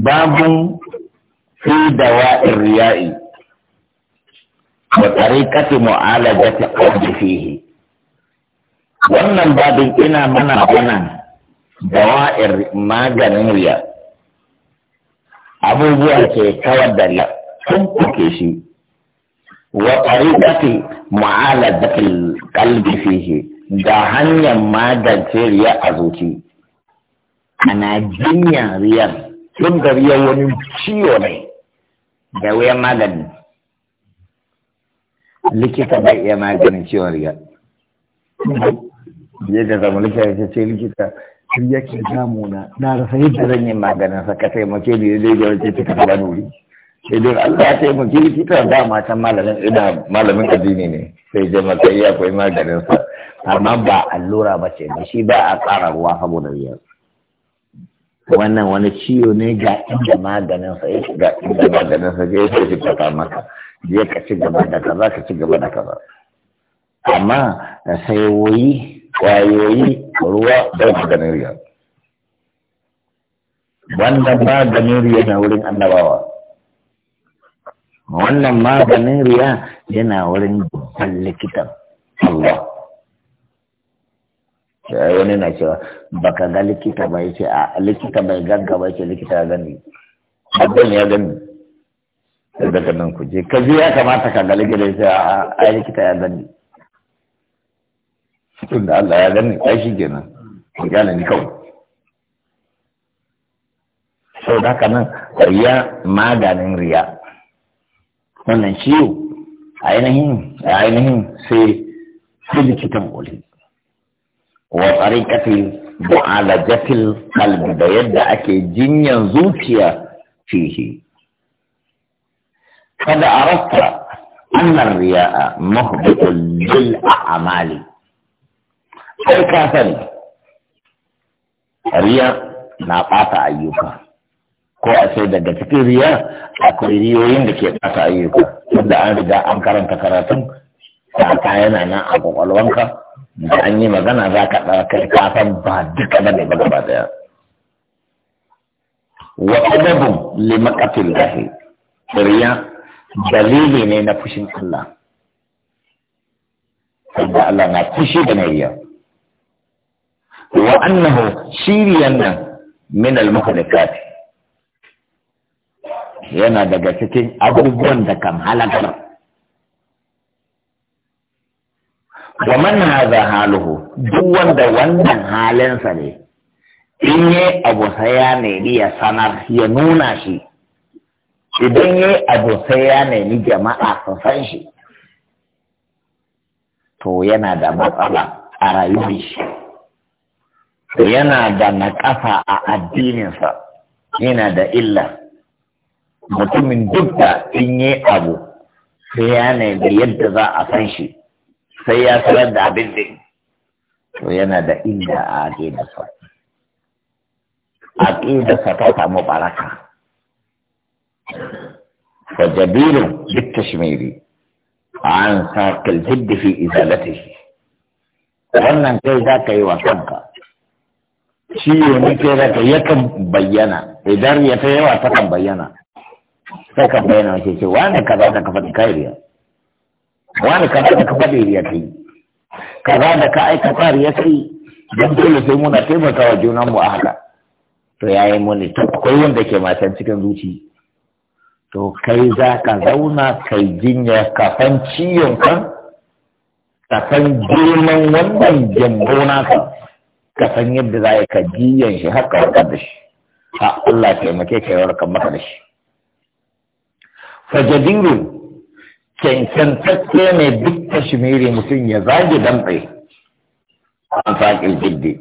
babun fi dawa'ir riya'i wa tariqati mu'alajati qalbi fihi wannan babin ina mana mana dawa'ir maganin riya abubuwa ke kawar da riya sun kuke shi wa tariqati mu'alajati qalbi fihi da hanyar magance riya a zuci ana jinyar riyar tun da riyar wani ciwo ne da wuyan magani likita bai iya maganin ciwon riyar je ka zama likita ya ce likita sun yake damuna na rasa yadda zan yi maganin sa ka taimake ni dai da wace ta kaba nuri sai dai Allah ya taimake likita dama can malamin ina malamin addini ne sai je maka iya akwai maganin sa amma ba allura ba ce ba shi ba a tsara ruwa saboda riyar wannan wani ciwo ne ga inda maganin sa yake ga inda maganin sa yake shi ka maka je ka ci gaba da kaza ka ci gaba da kaza amma sai woyi kwayoyi ruwa da maganin riya wannan maganin riya na wurin annabawa wannan maganin riya yana wurin babban likitan Allah Eh, wani na cewa baka ga likita ba yace a likita bai ganka ba ce likita ya gani abin ya gani daga nan ku je ka je ya kamata ka ga likita yace a a likita ya gani tun da Allah ya gani ai shi kenan ku gane ni kawai sau da haka nan riya maganin riya wannan ciwo ainihin ainihin sai sai likitan ƙoli wa da mu'alajatil kalbi da yadda ake jinyan zuciya fihi kada a arasta annar riya'a muhbitul a a'mali sai ka sani riya na ɓata ayyuka ko a ce daga cikin riya akwai riyoyin da ke ɓata ayyuka wanda an riga an karanta karatun ta yana nan a ƙwaƙwalwanka da an yi magana za ka ɗaukar kafan ba duka ba ne ba gaba daya wa adabun limakatin lahi riya dalili ne na fushin Allah Sanda Allah na fushi da nariya wa annahu shiriyan nan min al yana daga cikin abubuwan da kan halakar wa man hadha haluhu duk wanda wannan halinsa ne in yi abu sai ya nemi ya sanar ya nuna shi idan yi abu sai ya nemi jama'a su san shi to yana da matsala a rayuwar shi yana da naƙasa a addininsa yana da illa mutumin duk da in yi abu sai ya nemi yadda za a san shi sai ya sanar da abin din to yana da inda a da sa aqida sa ta samu baraka fa jabiru bitashmiri an saqil jidd fi izalatihi wannan kai za ka yi wa kanka shi ne kai za ka yakan bayyana idan ya ta yawa ta kan bayyana sai ka bayyana wace ce wani kaza ta kafa kariya wani kaza da ka faɗi ya kai kaza da ka aikata ya kai don dole sai muna taimaka wa mu a haka to yayi muni to akwai wanda ke matan cikin zuci to kai za ka zauna kai jinya ka san ciyon kan ka san girman wannan jambo naka ka san yadda za ka jiyan shi haka warkar da shi ha Allah taimake ka warkar maka da shi fajadingu cancantacce ne duk kashmiri mutum ya zage damtse an faƙil jiddi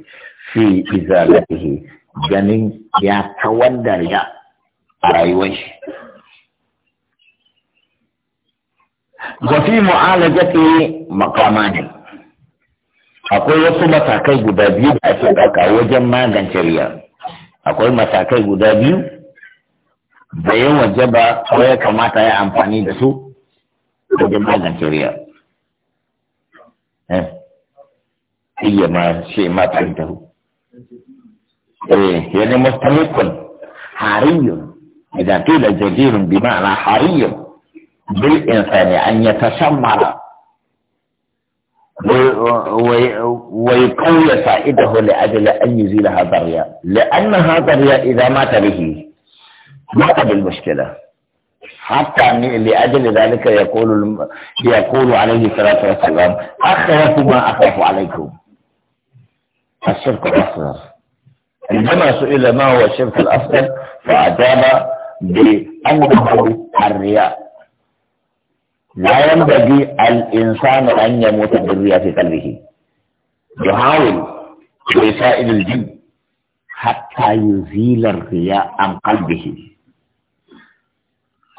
fi izalatihi ganin ya kawar da a rayuwar shi wafi mu'alajati makama ne akwai wasu matakai guda biyu da ake ɗauka wajen magance riya akwai matakai guda biyu da waje ba ko ya kamata ya amfani da su wajen magance riya iya ma shi ma tahu eh yana mustamikun hariyun idan kila jadirun bi ma'ana hariyun bil insani an yatashammara ويقوي سائده لأجل أن يزيل هذا الرياء لأن هذا الرياء إذا مات به مات بالمشكلة حتى لأجل ذلك يقول يقول عليه الصلاة والسلام أخاف ما أخاف عليكم الشرك الأصغر عندما سئل ما هو الشرك الأصغر فأجاب بأنه الرياء لا ينبغي الإنسان أن يموت بالرياء في قلبه يحاول ويسائل الجن حتى يزيل الرياء عن قلبه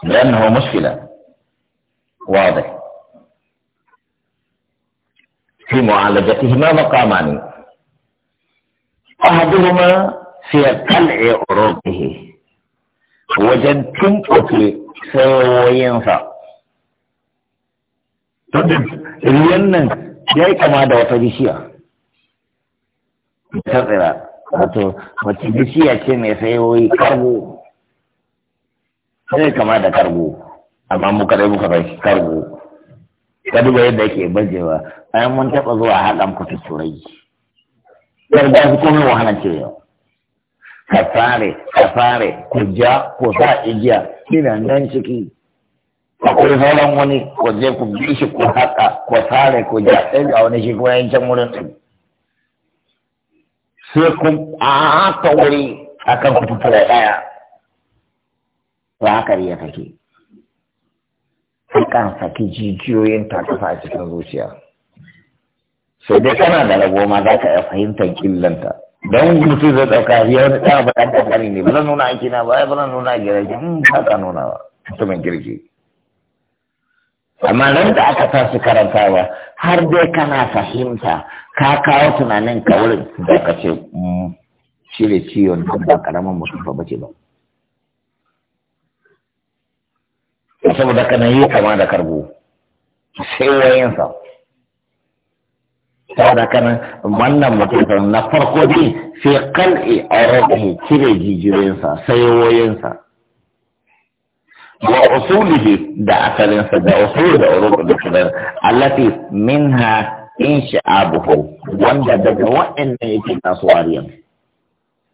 لأنه مشكلة واضح في معالجتهما مقامان أحدهما في قلع عروقه وجدتم أكل سوينفا تدب لأن جاي كما دوا تجيشيا تقرأ أتو ما تجيشيا كم يسيوي كابو sai kama da kargo amma mu kadai muka bai kargo ka duba yadda yake bajewa bayan mun taɓa zuwa haɗan ku turai yarda su komai wahala ce yau ka fare ka fare ku ja ku sa igiya kina nan ciki akwai sauran wani ko zai ku bi shi ku haƙa ko sare ku ja ɗaya ga wani shi kuma can wurin ɗin sai a haka wuri akan ku turai ɗaya ba haka kake take kan saki jijiyoyin takafa a cikin zuciya sai dai kana da rabo ma za ka iya fahimtar killanta don mutum zai ɗauka ya wani ɗan ba ɗan ƙanƙani ne ba zan nuna aiki na ba ya ba zan nuna gidaje in hmm, ba ka nuna ba mutumin girki amma nan da aka tashi karanta karantawa har dai kana fahimta ka kawo tunanin ka wurin da ka ce hmm, ne ciwon ba ƙaramin mutum ba ce ba saboda kana yi kama da karbo sai wayansa saboda kana wannan mutum na farko dai sai kal'i a rabu cire jijiyoyinsa sai wayansa wa usulihi da asalinsa da usuli da urubu da kudar allati minha in sha'abuhu wanda daga waɗannan yake kasuwa riyan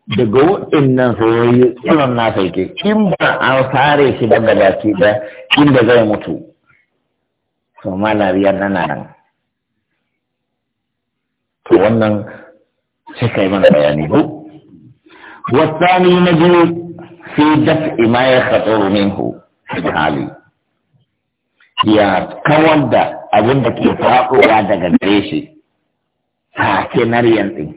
daga waɗannan soyayyu tsiron na sauke in ba an fare shi daga baki da inda zai mutu to malariyar nana nan to wannan sai kai mana bayani ko wasani na biyu sai daf imayar khatsoro minhu da hali ya kawar da abin da ke faɗowa daga gare shi ha ke yanzu.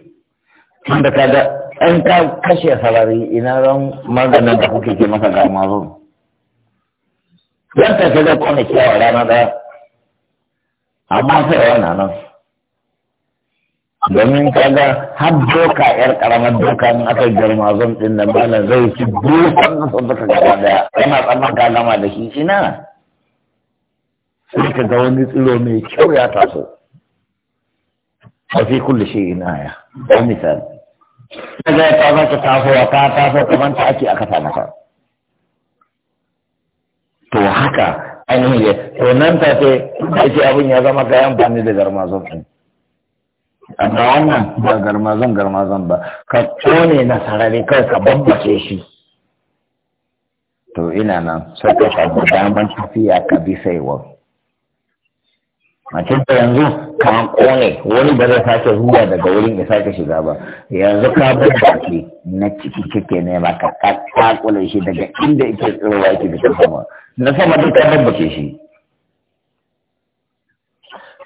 tun da ga in ka kashe sarari ina ran maganin da kuke ke masa ga mazo yan ta ga kone kiyawa rana daya amma sai wani nan domin kaga har doka yar karamar doka in aka girma zon din nan bana zai ci dukan na duka gaba daya yana tsamman ka da shi ina sai ka ga wani tsiro mai kyau ya taso a kulle shi ina ya misali ta zai ta zaka tafowa ka tafo kamar ta ake aka samu ka to haka ainihin ya to nan ta ce ta abin ya zama kayan amfani da garmazon ɗin amma wannan ba garmazon garmazon ba ka kone na sarari kai ka bambace shi to ina nan sai ka samu daman tafiya ka bi saiwa macin ta yanzu kamar kone wani ba zai sake zuwa daga wurin ya sake shiga ba yanzu ka bar baki na ciki kike ne ba ka kakule shi daga inda yake tsirowa yake da sama na sama duk ka babbake shi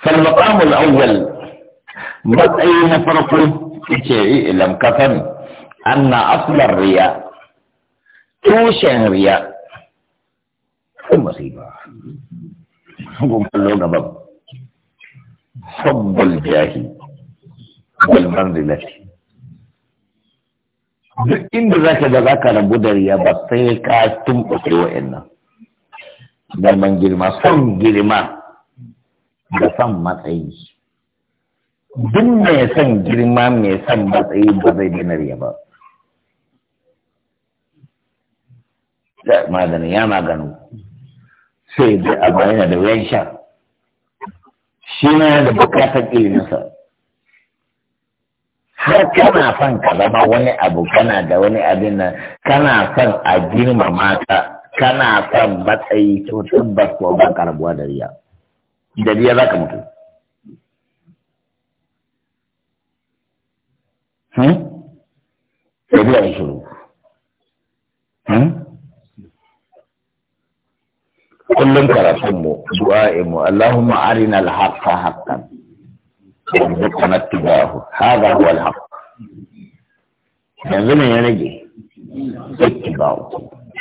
فالمقام الأول matsayi na farko ce ilam ka sani anna aslar riya tushen riya sun musiba kun kallo gaban حب الجاه والمنزلة duk inda za ka da za ka rabu da riya ba sai ka tumɓuke wa'annan neman girma son girma da son matsayi duk mai son girma mai son matsayi ba zai daina ba maganin ya maganu sai da abu yana da wuyan sha shi ne da bukatar iliminsa har kana son ka zama wani abu kana da wani abin nan kana son a girmama ka kana son matsayi to tabbas ko ba ka rabuwa da riya da riya za ka mutu hmm? da riya shiru kullum karatunmu du'a'inmu Allahumma arina al-haqqa haqqan warzuqna ittibahu hadha huwa al-haqq yanzu ne ya rage ittibahu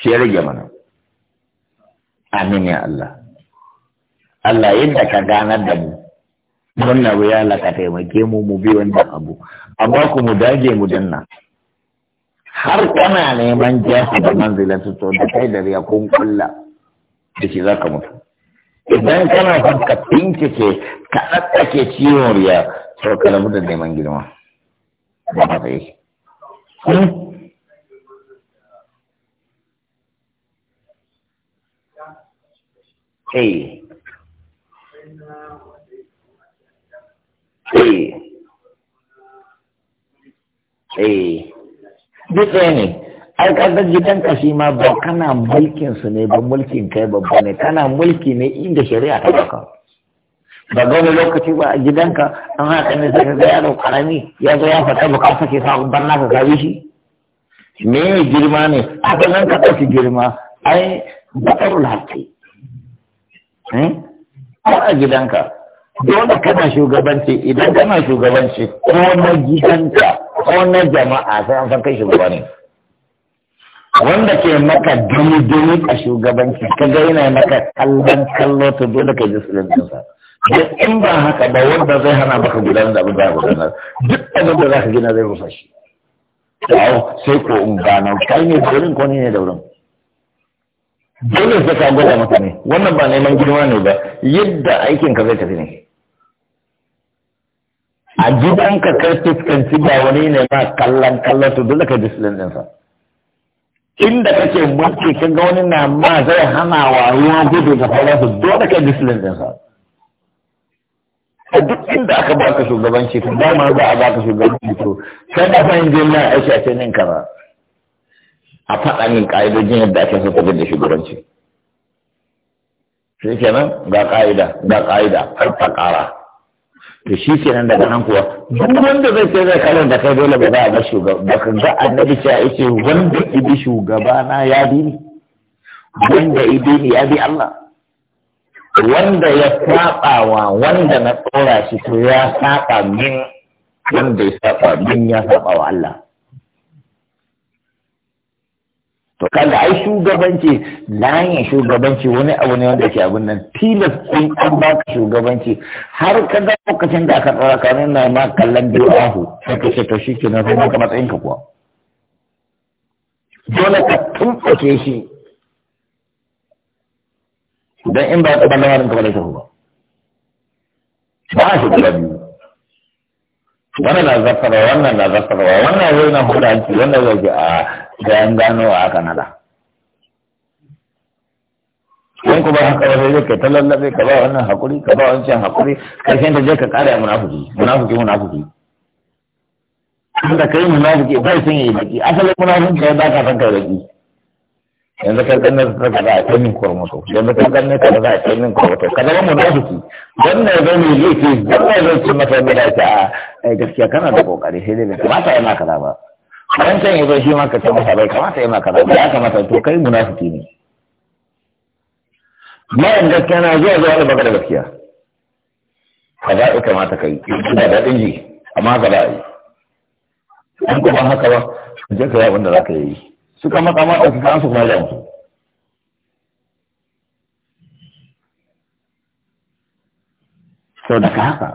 shi ya rage mana amin ya Allah Allah yadda ka ganar da mu wannan ya laka taimake mu mu bi wannan abu amma ku mu dage mu danna har kana neman jahi da manzilatu to da kai da riya kun kulla da ke za ka mutu idan kana son ka bincike ka ɗaɗɗake ciwon riya to ka rabu da neman girma ba ka yi hmm? Eh. Eh. Eh. Duk ɗaya ne, ai kasar gidan shi ma ba kana mulkin su ne ba mulkin kai babba ne kana mulki ne inda shari'a ta baka ba ga wani lokaci ba a gidanka an haka ne sai ga yaro karami ya zo ya fata ba ka sake sa barna ka kawo shi me girma ne haka nan ka ɗauki girma ai bakarul haƙƙi eh? ko a gidanka dole kana shugabanci idan kana shugabanci ko na gidanka ko na jama'a sai an san kai shugabanci wanda ke maka gani gani a shugabanci ka ga yana maka kallon kallo to dole ka ji suluncinsa duk in ba haka ba wanda zai hana maka gudanar da abin da gudanar duk abin da za ka gina zai rufa. shi to sai ko in gana kai ne daurin ko ne ne wurin. dole sai ka gwada maka ne wannan ba neman girma ne ba yadda aikin ka zai tafi ne a gidanka kai fuskanci ba wani ne ma kallon kallon to dole ka ji suluncinsa inda kake mulki kan ga wani na ma zai hana wa ruwa gudu da faransa dole kai disiplin din sa a duk inda aka baka shugabanci to dama za a baka shugabanci to da fa in na aiki a cikin kaza a fada min ƙa'idojin yadda ake so ka da shugabanci sai kenan ga ƙa'ida ga ƙa'ida har ta to shi kenan daga nan kuwa duk wanda zai ce zai kalan da kai dole ba za a ga shugaba ba kan ga annabi cewa yace wanda ibi shugaba na ya bi ni wanda ibi ni ya bi Allah wanda ya saɓawa wanda na tsora shi to ya saɓa min wanda ya saɓa min ya wa Allah to kaga ai shugabanci layin shugabanci wani abu ne wanda ke abin nan tilas sun an baka shugabanci har ka ga lokacin da aka tsara ka na ma kallon du'ahu sai ka ce to shi ke nan ka matsayin ka kuwa dole ka ke shi don in ba ka ba lamarin ka ba zai tafi ba ba a shugaba biyu wannan na zafarwa wannan na zafarwa wannan zai na hudanci wannan zai a da yan gano a aka nada in kuma haka ba sai ka lallabe ka ba wannan hakuri ka ba wancan hakuri karshen da je ka kare munafuki, munafuki munafuki. da kai munafuki, bai sun yi baki asalin munafuki ka ba ka san kai baki yanzu kai ganin ka za a kai min kormoto yanzu kai ganin ka za a kai min kormoto ka zama munafiki wannan zai ne zai ce wannan zai ce masa mai dace a gaskiya kana da kokari sai dai ba ta yana kaza ba dan can yi shi ma ka ce masa bai kamata ya maka ba ya kamata to kai munafiki ne mayan gaskiya na zuwa zuwa da baka da gaskiya ka za'i kamata kai yi da daɗin ji amma ka za'i an kuma haka ba je ka yi abin da za ka yi suka matsa ma ɗauki kansu kuma jan su sau da ka haka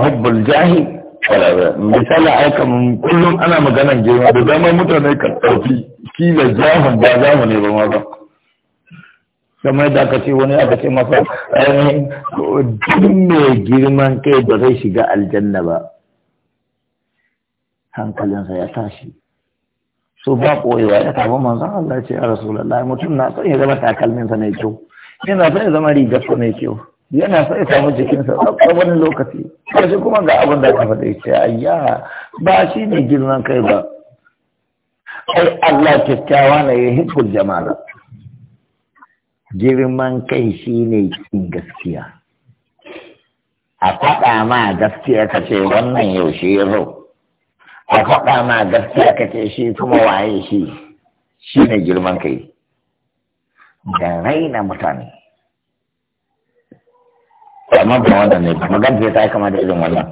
hubbul jahil misali ai kaman kullum ana maganan girma da zama mutane kan ɗauki kila jahun ba zamu ne ba ma ba kamar yadda aka ce wani aka ce masa duk mai girman kai ba zai shiga aljanna ba hankalinsa ya tashi so ba koyewa ya tafi manzan Allah ce ya rasulallah mutum na son ya zama takalminsa mai kyau yana son ya zama rigarsa mai kyau yana sai samu jikinsa tsakar wani lokaci kashi kuma ga abin da aka da ce ayya ba shi ne girman kai ba ai Allah kyakkyawa na ya hibbul jama'a girman kai shi ne cikin gaskiya a faɗa ma gaskiya ka ce wannan yaushe ya zo a faɗa ma gaskiya ka ce shi kuma waye shi shi ne girman kai da raina mutane amma ba wannan ne ba magana ta yi kama da irin wannan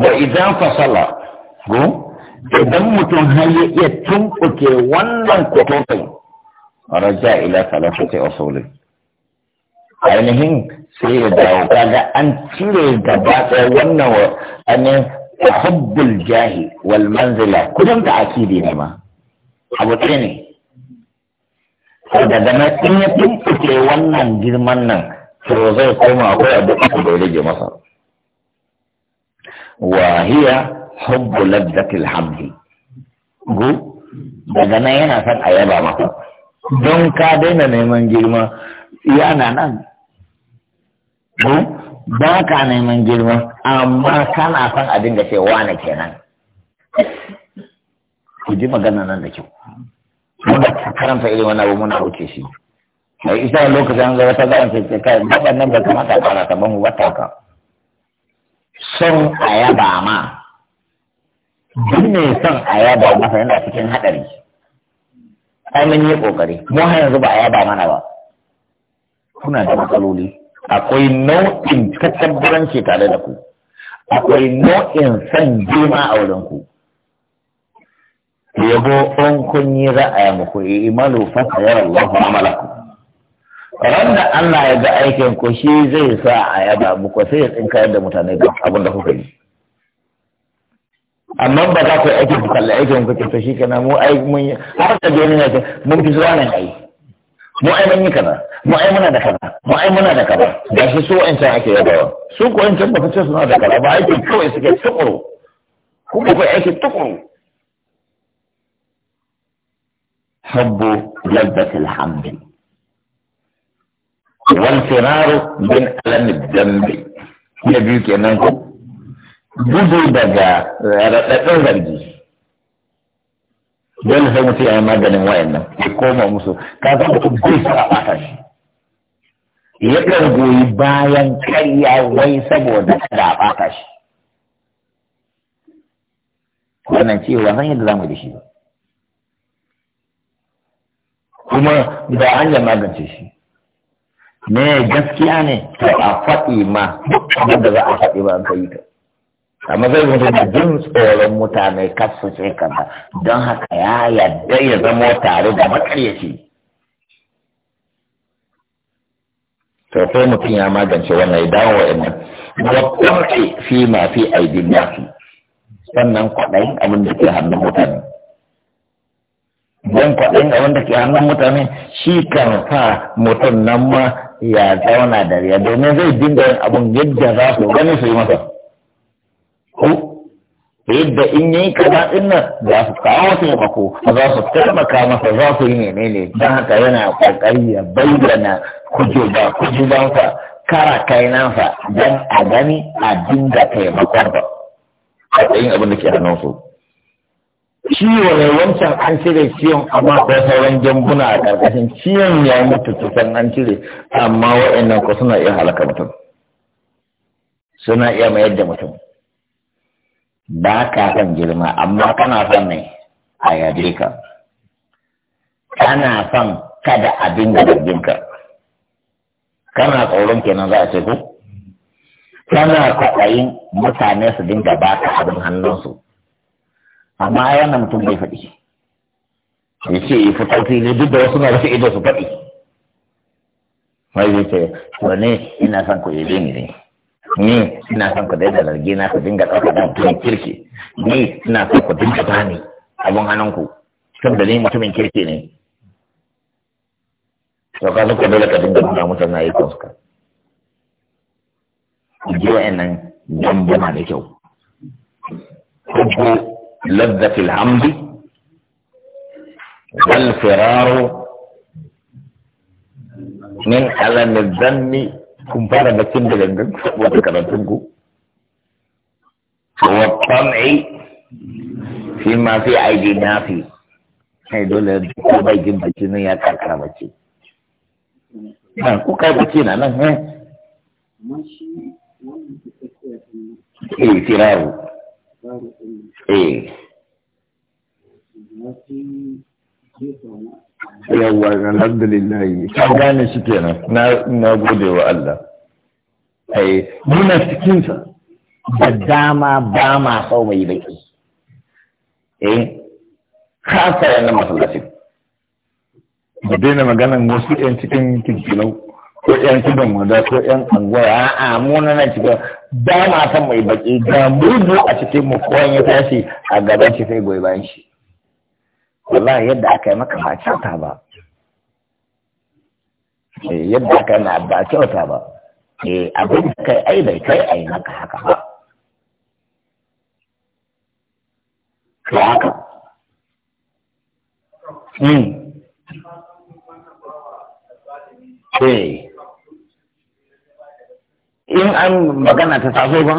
da idan fasala go idan mutum har ya iya tumɓuke wannan kotofin raja ila salafati usulin ainihin sai ya dawo kaga an cire gaba ɗaya wannan ainihin hubbul jahi wal manzila kusan ta akidi ne ma abu ne daga nan in ya tumɓuke wannan girman nan to zai koma akwai abu da ya rage masa wa hiya hubbu ladati alhamdi go daga nan yana san a masa don ka daina neman girma yana nan go ba ka neman girma amma kana son a dinga ce wane kenan ku ji magana nan da kyau wanda karanta irin wani abu muna wuce shi da isa lokacin an zama wata zan ce ce kai nan ba kamata a fara taban wata ka son a yaba ma duk ne son a yaba masa yana cikin haɗari ai mun yi kokari mu har yanzu ba a yaba mana ba kuna da matsaloli akwai nau'in ce tare da ku akwai nau'in son juna a wurin ku yabo an kun yi ra'aya muku imanu fa sayar Allahu amalakum Randa Allah ya ga aikin ku shi zai sa a yaba muku sai ya ka da mutane ba abin da kuka yi amma ba za ku yi aikin ku kalli aikin ku to shi kana mu ai mun yi. har da gani ne mun fi zuwa nan ai mu ai mun yi kaza mu ai muna da kaza mu ai muna da kaza ga shi su can ake yabawa su ko wa'ancan ba ce suna da kaza ba aikin kawai suke tukuru kuma ku aikin tukuru habbu laddatul hamdi wàlfinaaru min alam dambi ne biyu kenan ko gudu daga raɗaɗɗen zargi dole sai mutu ya yi maganin wa'in nan ya koma musu ka zama ku gudu a ɓata shi ya ɗan goyi bayan karya wai saboda da a ɓata shi wannan cewa san yadda zamu da shi ba kuma da hanyar magance shi ne gaskiya ne to a faɗi ma abin za a faɗi ba an kai ta amma zai mutu da jin tsoron mutane kasu ce kaza don haka ya yadda ya zama tare da makaryaci to sai mutum ya magance wannan ya dawo ina wa qur'i fi ma fi aidin nasu sannan kwaɗayin abin da ke hannun mutane don kwaɗayin abin da ke hannun mutane shi kan sa mutum nan ma ya zauna da riya domin zai dinga yin abun yadda za su gani su yi masa ko yadda in yi kaza din nan za su kawo taimako za su taimaka masa za su yi menene don haka yana kokari ya bayyana kujuba kujubansa kara kainansa don a gani a dinga taimakon ba a tsayin abin da ke hannun su. ciwo ne wancan an cire ciwon amma ko sauran jambuna a ƙarƙashin ciwon ya mutu tutan an cire amma wa'annan ko suna iya halaka mutum suna iya mayar da mutum ba ka san girma amma kana son ne a yaje ka kana son kada a dinga ka kana tsoron kenan za a ce ku kana kwaɗayin mutane su dinga baka abin hannunsu amaya ya wannan mutum bai faɗi ya ce ya fito ne duk da wasu na rufe ido su faɗi mai zai ce to ne ina son ku yi ni ne ni ina son ku daina lalge na ku dinga ɗauka da mutumin kirki ni ina son ku dinga bani abin hannunku tun da ni mutumin kirki ne to ka zuka dole ka dinga nuna musu na yi kuska ku ji wa'annan dambuna da kyau لذة العمد والفرار من ألم الذنب كم فارا بكين بلندن وذكرا والطمع فيما في أيدي نافي هاي دولة بايجين بكين يا كاكرا بكين ما نعم، هو كاي بكين أنا ها ماشي إيه فرارو eh yawwa alhamdulillah ka gane shi kenan na na gode wa Allah ai eh, muna cikin sa da dama ba ma sau mai baki eh ka sa yana masallaci da daina maganan wasu yan cikin kinkilau ko yan tudun wada ko yan angoya a mu na nan cikin ba ma san mai baki da mudu a cikin mu ko ya tashi a gaban shi sai goyi bayan shi wallahi yadda aka yi maka ba kyauta ba eh, yadda aka yi na ba kyauta ba eh abin da kai ai bai kai ai maka haka ba to haka Hmm. Hey. Eh. in an magana ta taso ba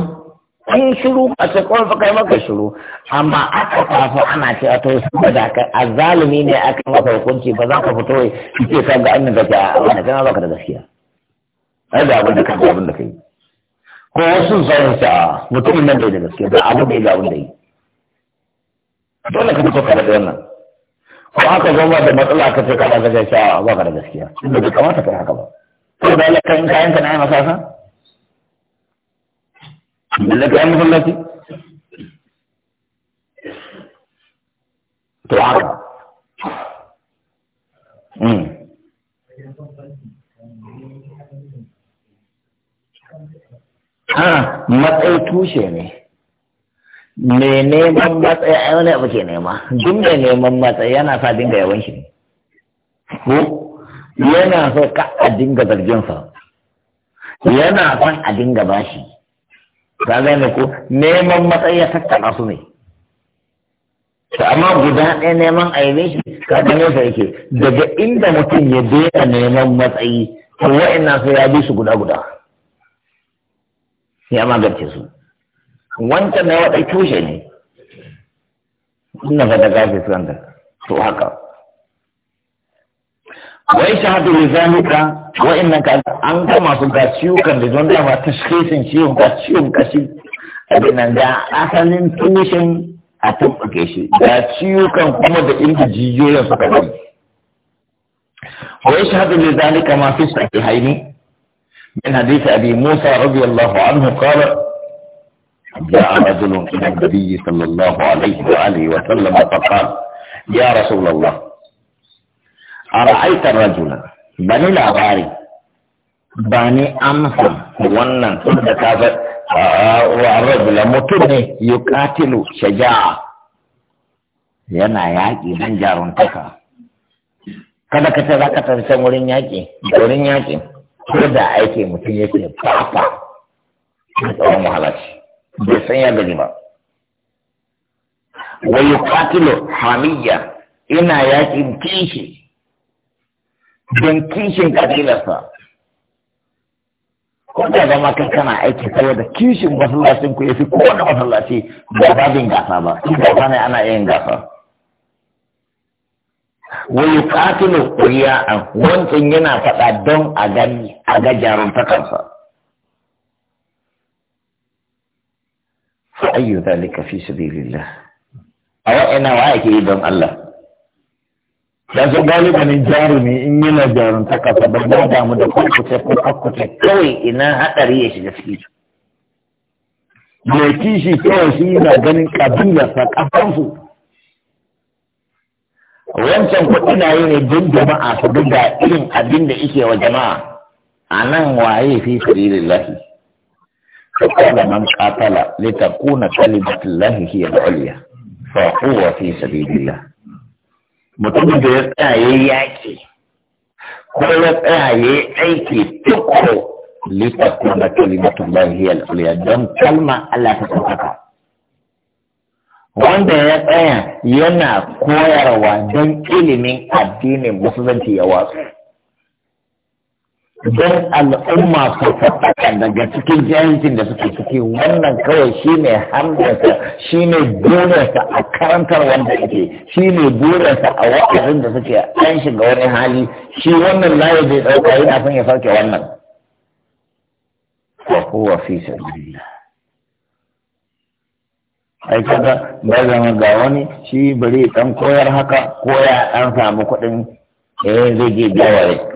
an shiru a ce kawai fa kai maka shiru amma aka taso ana ce a to saboda ka azalumi ne aka maka hukunci ba za ka fito kike ka ga annin da ta wanda ba ka da gaskiya ai da abin da ka abin da kai ko wasu zaurin sa mutumin nan bai da gaskiya da abin da ya ga abin da yi dole ka fito ka da wannan ko aka zo da matsala ka ce kana ga gaskiya ba ka da gaskiya inda bai kamata yi haka ba ko da lakan kayan ka na masa sa balle ka yi masallaci to haka hmm. ha matsayi tushe ne me neman matsayi a wani abu ke nema duk mai neman matsayi yana sa dinga yawan shi ne ko yana so ka a dinga zarginsa yana son a dinga bashi ka gane ko neman matsayi ya tattara su ne to amma guda ɗaya neman yi shi ka gane sa yake daga inda mutum ya daina neman matsayi to wa'annan sai ya bi su guda guda ya magance su wancan na wata tushe ne ina fata gafe su to haka wai shahadu ne zanuka wa'annan ka an ga masu ga ciwukan da don dama tashkisin ciwon ga ciwon kashi abin nan da asalin tushen a tabbake shi da ciwukan kuma da inda jijiyoyin suka bari wai shahadu ne zanuka ma fi sahihaini من حديث أبي موسى رضي الله عنه قال جاء رجل إلى النبي صلى الله عليه وآله وسلم فقال يا رسول الله a ra'aitar rajula ba ni labari ba ni amsa wannan tun da ta ah, wa rajula mutum ne katilu shaja'a yana yaƙi nan jaruntaka kada ka ce za ka tafi wurin yaƙi wurin yaƙi ko da aiki mutum ya ce fafa a tsawon mahalarci bai san ya gani ba wa yuqatilu hamiyya ina yaƙin kishi don kishin kabilarsa ko da zama kan kana aiki saboda kishin masallacin ku yafi kowane masallaci ba babin gasa ba in gasa ne ana yin gasa katilu kuriya a wancan yana faɗa don a gani a ga jarumtakarsa fa ne ka fi a wa'ina wa ake yi don Allah dan su galibanin jarumi in yana jarunta kasa ba da damu da kwakwata ko kawai ina hadari ya shiga ciki mai kishi kawai shi yana ganin sa kafansu wancan kuɗi na yi ne don jama'a su duba irin abin da ike wa jama'a a nan waye fi sabilillahi فقال من قاتل لتكون كلمة الله هي العليا فهو في fi الله Mutum da ya tsaya yaƙi ko ya tsaya ya aiki tuko litakuna kalimatun lahi al don kalma Allah ta sauƙaƙa wanda ya tsaya yana koyarwa don ilimin addinin musulunci ya wasu don al'umma su faɗaɗa daga cikin jahincin da suke ciki wannan kawai shi ne hamdasa shi ne burinsa a karantar wanda ake shi ne burinsa a wa'azin da suke an shiga wani hali shi wannan layi zai ɗauka yana son ya sauke wannan wa kowa fi sabbila ai kaga ba zama ga wani shi bari dan koyar haka koya an samu kuɗin eh zai je biya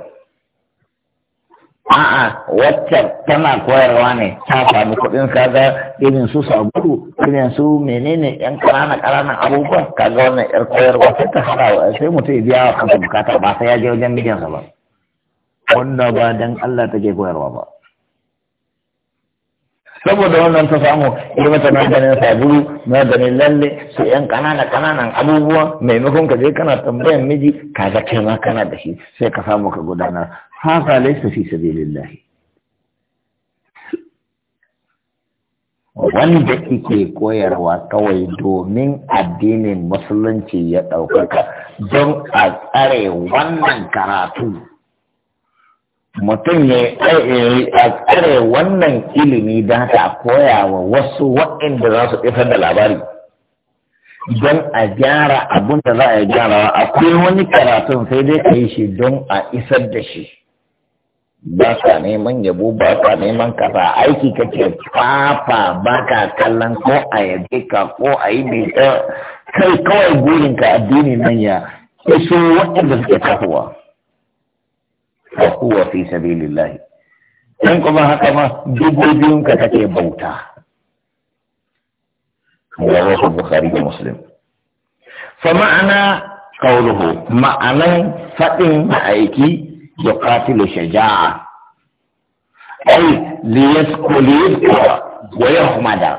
a'a wacce tana koyarwa ne ta sami kuɗin kaga irin su sabulu irin su menene yan ƙanana ƙananan abubuwa kaga wannan yar koyarwa sai ta hada sai mutum ya biya wa kansa bukata ba sai ya je wajen mijinsa ba wanda ba dan Allah take koyarwa ba saboda wannan ta samu yi mata maganin sabulu maganin lalle su yan ƙanana ƙananan abubuwa maimakon ka je kana tambayan miji kaga kai ma kana da shi sai ka samu ka gudanar هذا ليس في سبيل الله wanda kike koyarwa kawai domin addinin musulunci ya ɗaukaka don a tsare wannan karatu mutum ya a tsare wannan ilimi da ta koya wa wasu waɗanda za su isar da labari don a gyara abin da za a gyara akwai wani karatun sai dai ka yi shi don a isar da shi ba ka neman yabo ba ka neman kafa aiki kake fafa ba ka kallon ko a yabe ka ko a yi mai kai kawai burin ka addini nan ya so waɗanda suke kafuwa kafuwa fi fi sabilillahi in kuma haka ma dubobin ka kake bauta rawahu bukhari da muslim fa ma'ana qawluhu ma'anan faɗin aiki. يقاتل شجاعة أي ليذكر ليذكر ويحمد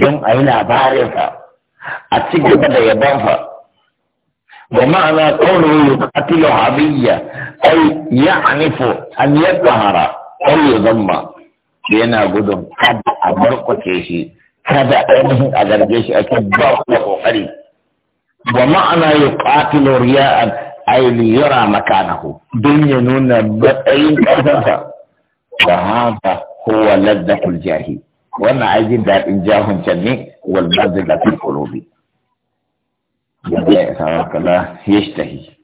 don a yi labarinsa a ci gaba da yabonsa wa ma'ana kawo ya katilu habiyya ai ya anifu an ya tsahara ai ya zamma yana gudun kada a barkwace shi kada a gargajiya, a ba ko wa ma'ana riya'an ai li yara makanahu don ya nuna matsayin ƙasarsa da haka huwa laddatul jahi wannan ai jin daɗin jahun can ne wal mazila fi qulubi ya ya sawa kala yashtahi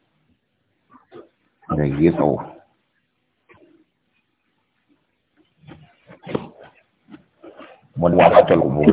da yitsawo مدوافة الأمور